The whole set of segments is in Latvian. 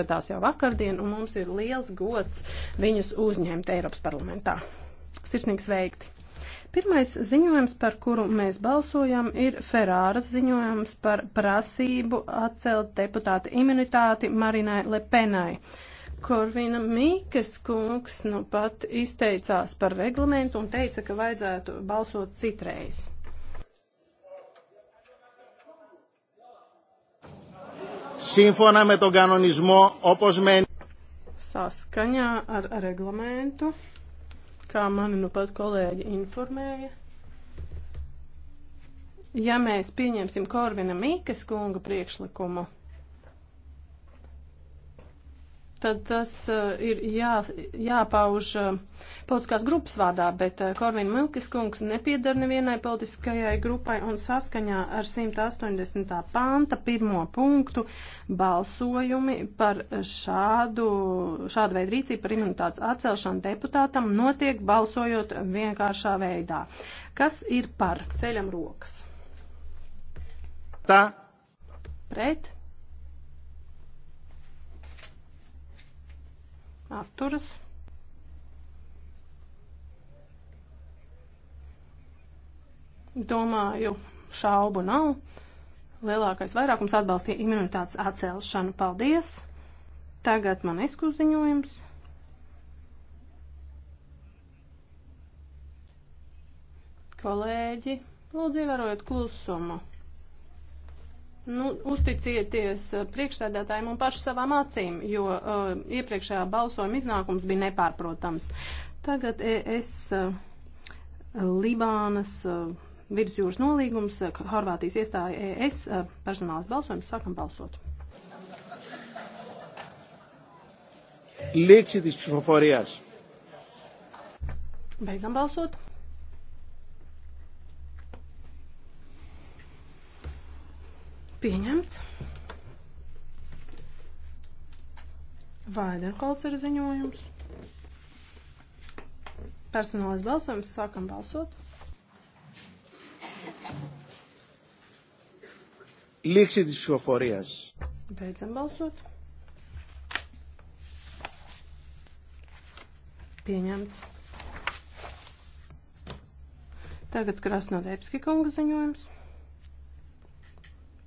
ieradās jau vakardien, un mums ir liels gods viņus uzņemt Eiropas parlamentā. Sirsnīgi sveikti! Pirmais ziņojums, par kuru mēs balsojam, ir Ferāras ziņojums par prasību atcelt deputāta imunitāti Marinai Lepenai. Korvina Mīkas kungs nu pat izteicās par reglamentu un teica, ka vajadzētu balsot citreiz. σύμφωνα με τον κανονισμό όπως μένει. Saskaņā ar reglamentu, kā mani nu pat kolēģi informēja, ja mēs pieņemsim Korvina Mīkas kunga priekšlikumu, tad tas eh, ir jā, jāpauž eh, politiskās grupas vārdā, bet eh, Korvina Milkis kungs nepiedar nevienai politiskajai grupai un saskaņā ar 180. panta pirmo punktu balsojumi par šādu, šādu veidu rīcību par imunitātes atcelšanu deputātam notiek balsojot vienkāršā veidā. Kas ir par ceļam rokas? Tā. Pret. atturas. Domāju, šaubu nav. Lielākais vairākums atbalstīja imunitātes atcelšanu. Paldies! Tagad man izkuziņojums. Kolēģi, lūdzu ievērojiet klusumu. Nu, uzticieties eh, priekšsēdētājiem un pašu savām acīm, jo uh, iepriekšējā balsojuma iznākums bija nepārprotams. Tagad es uh, eh, Libānas uh, virsjūras nolīgums, uh, Horvātijas iestāja ES, uh, personāls balsojums, sākam balsot. Liekas, tas ir foforijas. Beidzam balsot. Pieņemts. Vaidenkolts ir ziņojums. Personālais balsojums. Sākam balsot. Λήξη της ψηφοφορίας. Beidzam balsot. Pieņemts. Tagad Krasnodēpski kunga ziņojums.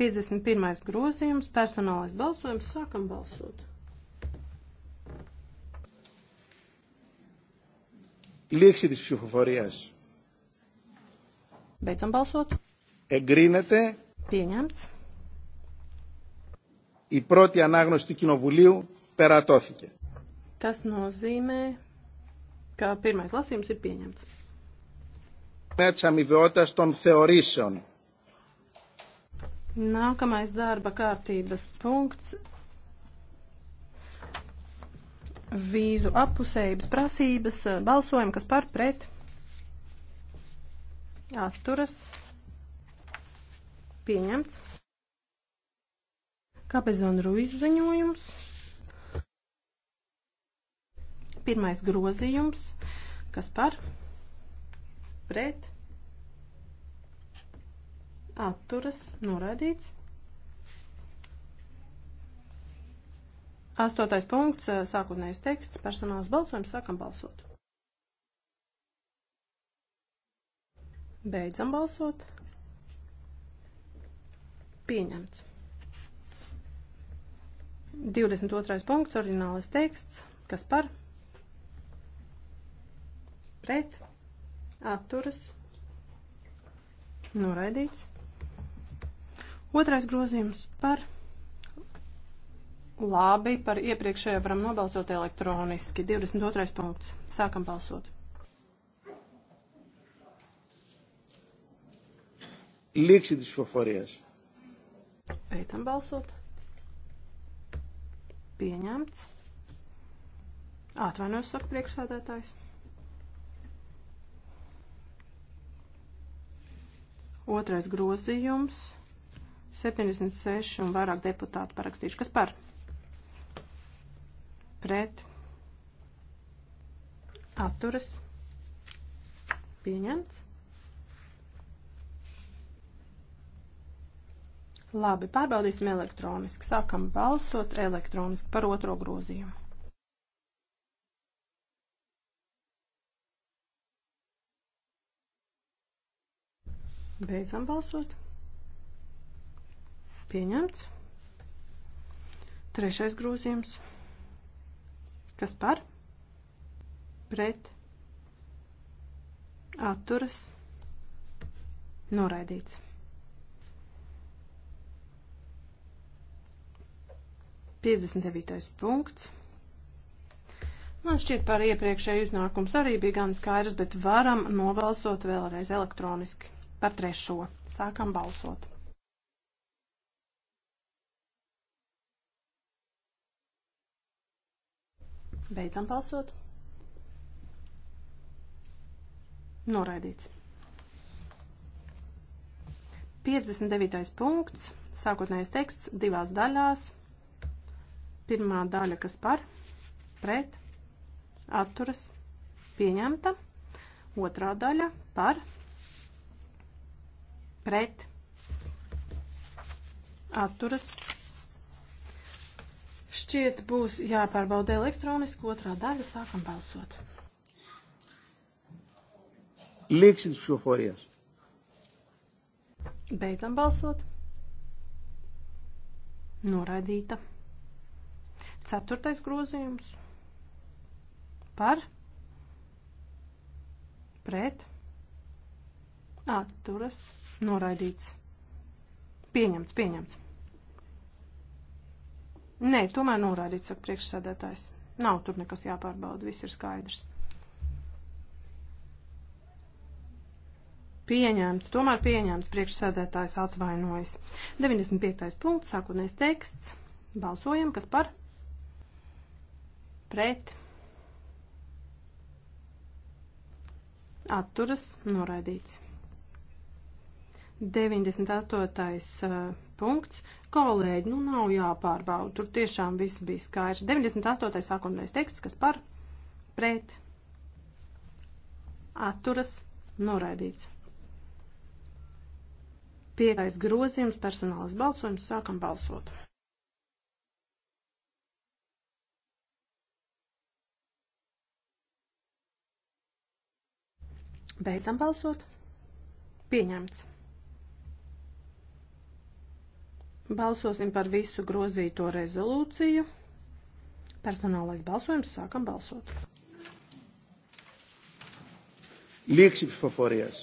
51. grozījums, personālais balsojums, sākam balsot. Λήξη της ψηφοφορίας. Beidzam balsot. Εγκρίνεται. Pieņemts. Η πρώτη ανάγνωση του Κοινοβουλίου περατώθηκε. Tas nozīmē, ka pirmais lasījums ir pieņemts. Της αμοιβαιότητας των θεωρήσεων Nākamais darba kārtības punkts - vīzu appusējības prasības, eh, balsojumi, kas par pret atturas pieņemts. Kapezona Ruiz ziņojums. Pirmais grozījums, kas par pret atturas noraidīts. Astotais punkts, sākotnējais teksts, personāls balsojums, sākam balsot. Beidzam balsot. Pieņemts. 22. punkts, orģinālais teksts, kas par pret atturas noraidīts. Otrais grozījums par labi, par iepriekšējo varam nobalsot elektroniski. 22. punkts. Sākam balsot. Līksi tas foforijas. Beidzam balsot. Pieņemts. Atvainojos, saka priekšsādētājs. Otrais grozījums 76 un vairāk deputātu parakstījuši. Kas par? Pret. Atturas. Pieņemts. Labi, pārbaudīsim elektroniski. Sākam balsot elektroniski par otro grozījumu. Beidzam balsot. Pieņemts. Trešais grozījums. Kas par? Pret. Atturas. Noraidīts. Piecdesmit devītais punkts. Man šķiet par iepriekšēju iznākums arī bija gan skaidrs, bet varam nobalsot vēlreiz elektroniski par trešo. Sākam balsot. Beidzam balsot. Noraidīts. 59. punkts, sākotnējais teksts, divās daļās. Pirmā daļa, kas par, pret, atturas, pieņemta. Otrā daļa par, pret, atturas, pieņemta šķiet būs jāpārbauda elektroniski otrā daļa. Sākam balsot. Līksis šoforijas. Beidzam balsot. Noraidīta. Ceturtais grozījums. Par. Pret. Atturas. Noraidīts. Pieņemts, pieņemts. Nē, tomēr norādīts, saka priekšsēdētājs. Nav tur nekas jāpārbauda, viss ir skaidrs. Pieņemts, tomēr pieņemts, priekšsēdētājs atvainojas. 95. punkts, sākotnēs teksts. Balsojam, kas par? Pret. Atturas, noraidīts. 98 punkts. Kolēģi, nu nav jāpārbauda, tur tiešām viss bija skaidrs. 98. sākotnējais teksts, kas par pret atturas noraidīts. Piektais grozījums, personālas balsojums, sākam balsot. Beidzam balsot. Pieņemts. Balsosim par visu grozīto rezolūciju. Personālais balsojums sākam balsot. Liekas psihoforijas.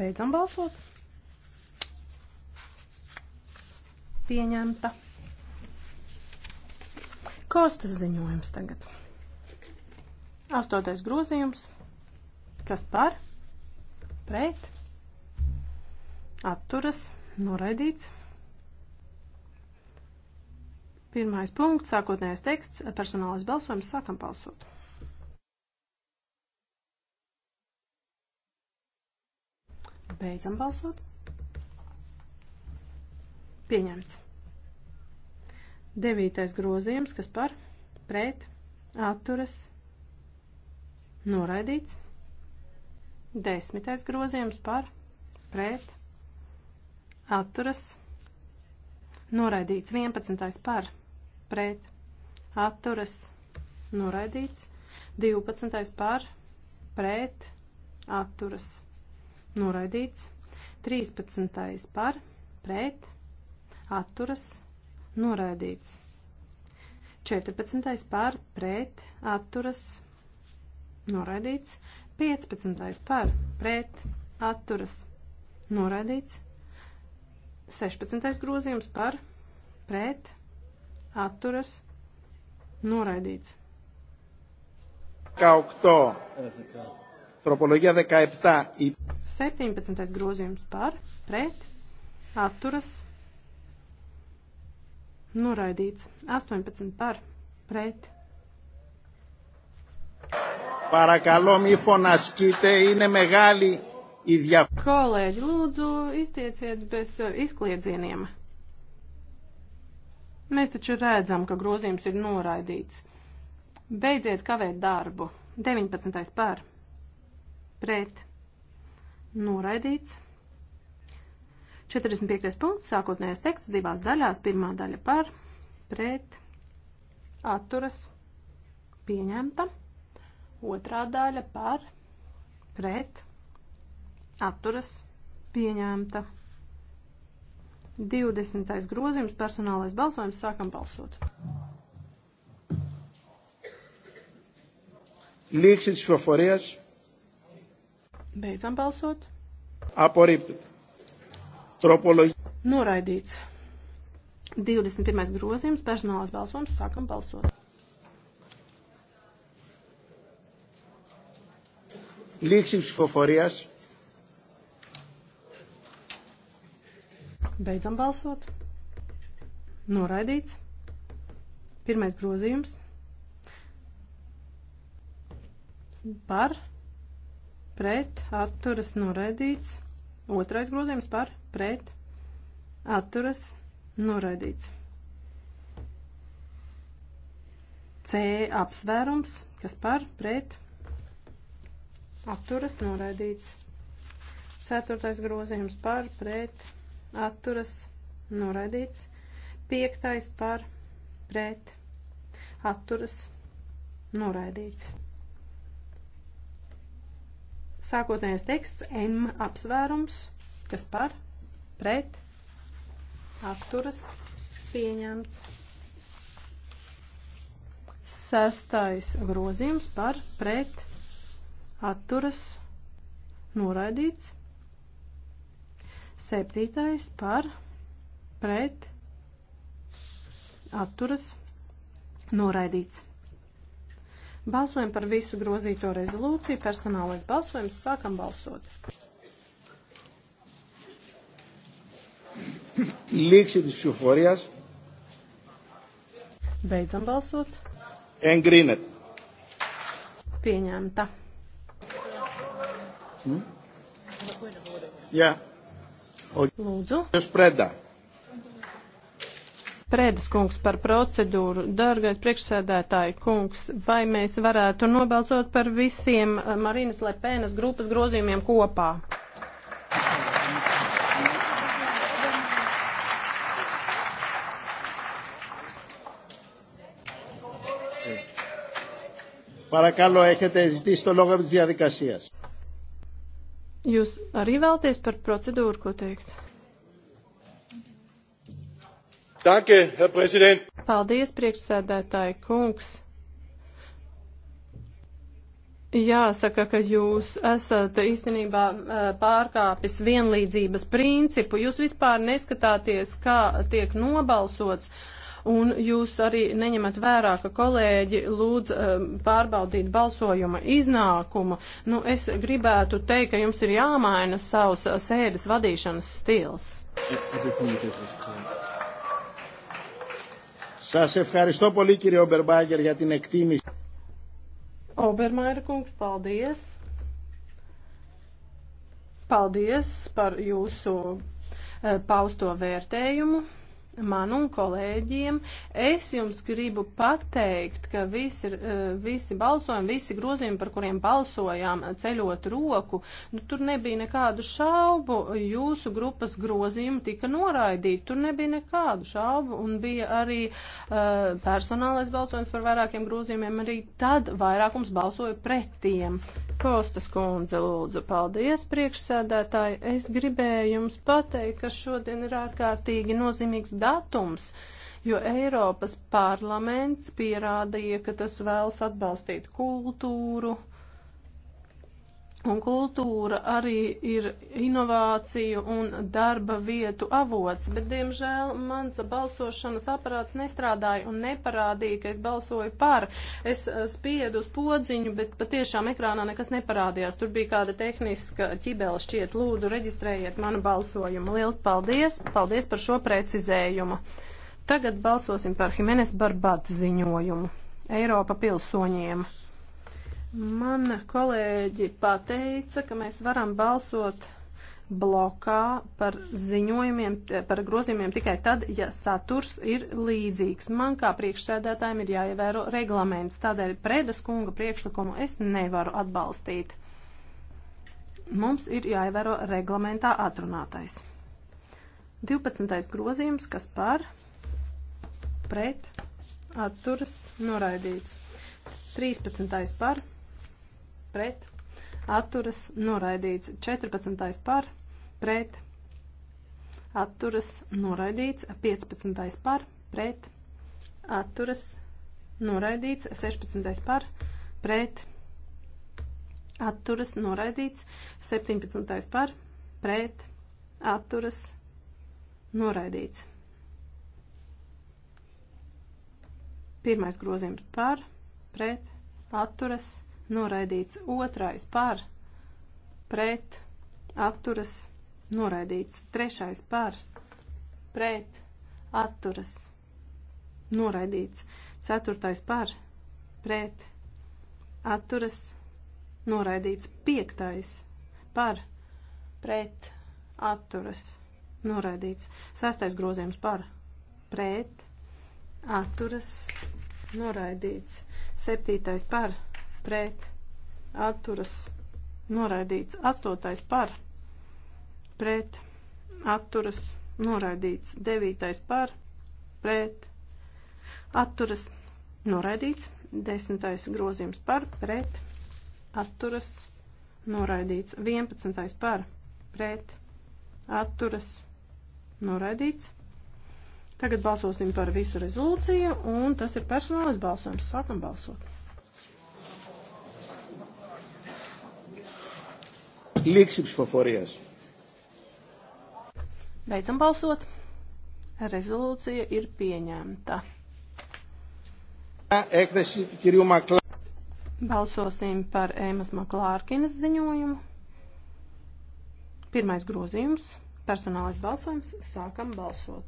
Beidzam balsot. Pieņemta. Kostas ziņojums tagad. Astotais grozījums. Kas par? Pret? Atturas? Noraidīts? Pirmais punkts, sākotnējais teksts, personālais balsojums, sākam balsot. Beidzam balsot. Pieņemts. Devītais grozījums, kas par pret atturas noraidīts. Desmitais grozījums par pret atturas noraidīts. Vienpadsmitais par pret pret atturas noraidīts, 12. par pret atturas noraidīts, 13. par pret atturas noraidīts, 14. par pret atturas noraidīts, 15. par pret atturas noraidīts, 16. grozījums par pret atturas atturas noraidīts. 18. Tropoloģija 17. 17. grozījums par, pret, atturas, noraidīts. 18 par, pret. Παρακαλώ μη φωνασκείτε, είναι μεγάλη η διαφορά. Κολέγι, λούτζου, είστε έτσι, bez uh, izkliedzieniem. Mēs taču redzam, ka grozījums ir noraidīts. Beidziet kavēt darbu. 19. par. Pret. Noraidīts. 45. punkts. Sākotnējais teksts divās daļās. Pirmā daļa par. Pret. Atturas. Pieņemta. Otrā daļa par. Pret. Atturas. Pieņemta. 20. grozījums, personālais balsojums, sākam balsot. Λήξη της ψηφοφορίας. Beidzam balsot. Απορρίπτεται. Τροπολογία. Noraidīts. 21. grozījums, personālais balsojums, sākam balsot. Λήξη ψηφοφορίας. Beidzam balsot. Noraidīts. Pirmais grozījums. Par. Pret. Atturas. Noraidīts. Otrais grozījums par. Pret. Atturas. Noraidīts. C apsvērums, kas par pret atturas noraidīts. Ceturtais grozījums par pret atturas noraidīts. Piektais par pret atturas noraidīts. Sākotnējais teksts M apsvērums, kas par pret atturas pieņemts. Sestais grozījums par pret atturas noraidīts. Septītais par pret atturas noraidīts. Balsojam par visu grozīto rezolūciju. Personālais balsojums. Sākam balsot. Līksi tas šuforijas. Beidzam balsot. Engrinet. Pieņemta. Hmm? Jā. Yeah. Lūdzu. Jūs predā. Prēdas kungs par procedūru. Dārgais priekšsēdētāji kungs, vai mēs varētu nobalsot par visiem eh, Marinas Lepēnas grupas grozījumiem kopā? Παρακαλώ, έχετε ζητήσει το λόγο από τις διαδικασίες. Jūs arī vēlties par procedūru ko teikt? Danke, Herr Präsident. Paldies, priekšsēdētāji kungs. Jāsaka, ka jūs esat īstenībā pārkāpis vienlīdzības principu. Jūs vispār neskatāties, kā tiek nobalsots. Uh, un jūs arī neņemat vērā, ka kolēģi lūdz um, pārbaudīt balsojuma iznākumu. Nu, es gribētu teikt, ka jums ir jāmaina savs uh, sēdes vadīšanas stils. Σας ευχαριστώ πολύ κύριε Ομπερμπάγκερ για την εκτίμηση. Obermaira kungs, paldies! Paldies par jūsu uh, pausto vērtējumu man un kolēģiem. Es jums gribu pateikt, ka visi, eh, visi balsojumi, visi grozījumi, par kuriem balsojām ceļot roku, nu, tur nebija nekādu šaubu. Jūsu grupas grozījumi tika noraidīti, tur nebija nekādu šaubu. Un bija arī uh, personālais balsojums par vairākiem grozījumiem, arī tad vairākums balsoja pret tiem. Kostas kundze, lūdzu, paldies priekšsēdētāji. Es gribēju jums pateikt, ka šodien ir ārkārtīgi nozīmīgs datums, jo Eiropas parlaments pierādīja, ka tas vēlas atbalstīt kultūru, Un kultūra arī ir inovāciju un darba vietu avots, bet, diemžēl, mans balsošanas aparāts nestrādāja un neparādīja, ka es balsoju par. Es eh, spiedu uz podziņu, bet patiešām ekrānā nekas neparādījās. Tur bija kāda tehniska ķibela šķiet. Lūdzu, reģistrējiet manu balsojumu. Liels paldies! Paldies par šo precizējumu! Tagad balsosim par Himenes Barbat ziņojumu. Eiropa pilsoņiem. Man kolēģi pateica, ka mēs varam balsot blokā par ziņojumiem, par grozījumiem tikai tad, ja saturs ir līdzīgs. Man kā priekšsēdētājiem ir jāievēro reglaments, tādēļ Prēdas kunga priekšlikumu es nevaru atbalstīt. Mums ir jāievēro reglamentā atrunātais. 12. grozījums, kas par pret atturas noraidīts. 13. par pret, atturas noraidīts. 14. par, pret, atturas noraidīts. 15. par, pret, atturas noraidīts. 16. par, pret, atturas noraidīts. 17. par, pret, atturas noraidīts. Pirmais grozījums par, pret, atturas noraidīts noraidīts. Otrais par, pret, atturas, noraidīts. Trešais par, pret, atturas, noraidīts. Ceturtais par, pret, atturas, noraidīts. Piektais par, pret, atturas, noraidīts. Sastais grozījums par, pret, atturas, noraidīts. Septītais par, pret, pret atturas noraidīts. 8. par pret atturas noraidīts. 9. par pret atturas noraidīts. 10. grozījums par pret atturas noraidīts. 11. par pret atturas noraidīts. Tagad balsosim par visu rezolūciju, un tas ir personālais balsojums. Sākam balsot! Λήξη ψηφοφορίας. Beidzam balsot. Rezolūcija ir pieņemta. Έκθεση του κυρίου Μακλά. Balsosim par Ēmas Maklārkinas ziņojumu. Pirmais grozījums - personālais balsojums. Sākam balsot.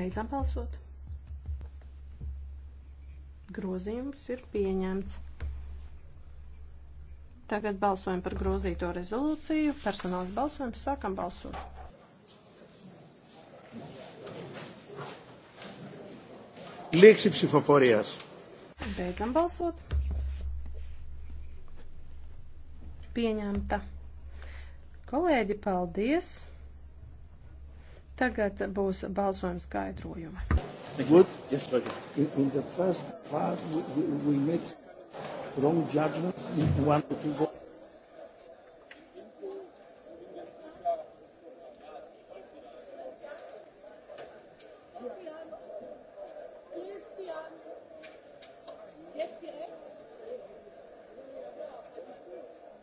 Beidzam balsot. Grozījums ir pieņemts. Tagad balsojam par grozīto rezolūciju. Personāls balsojums. Sākam balsot. Lieksi psihoforijas. Beidzam balsot. Pieņemta. Kolēģi, paldies. Tagad būs balsojuma skaidrojumi. Thank would, you. yes, okay. in, in the first part, we, we, we made wrong judgments in one or two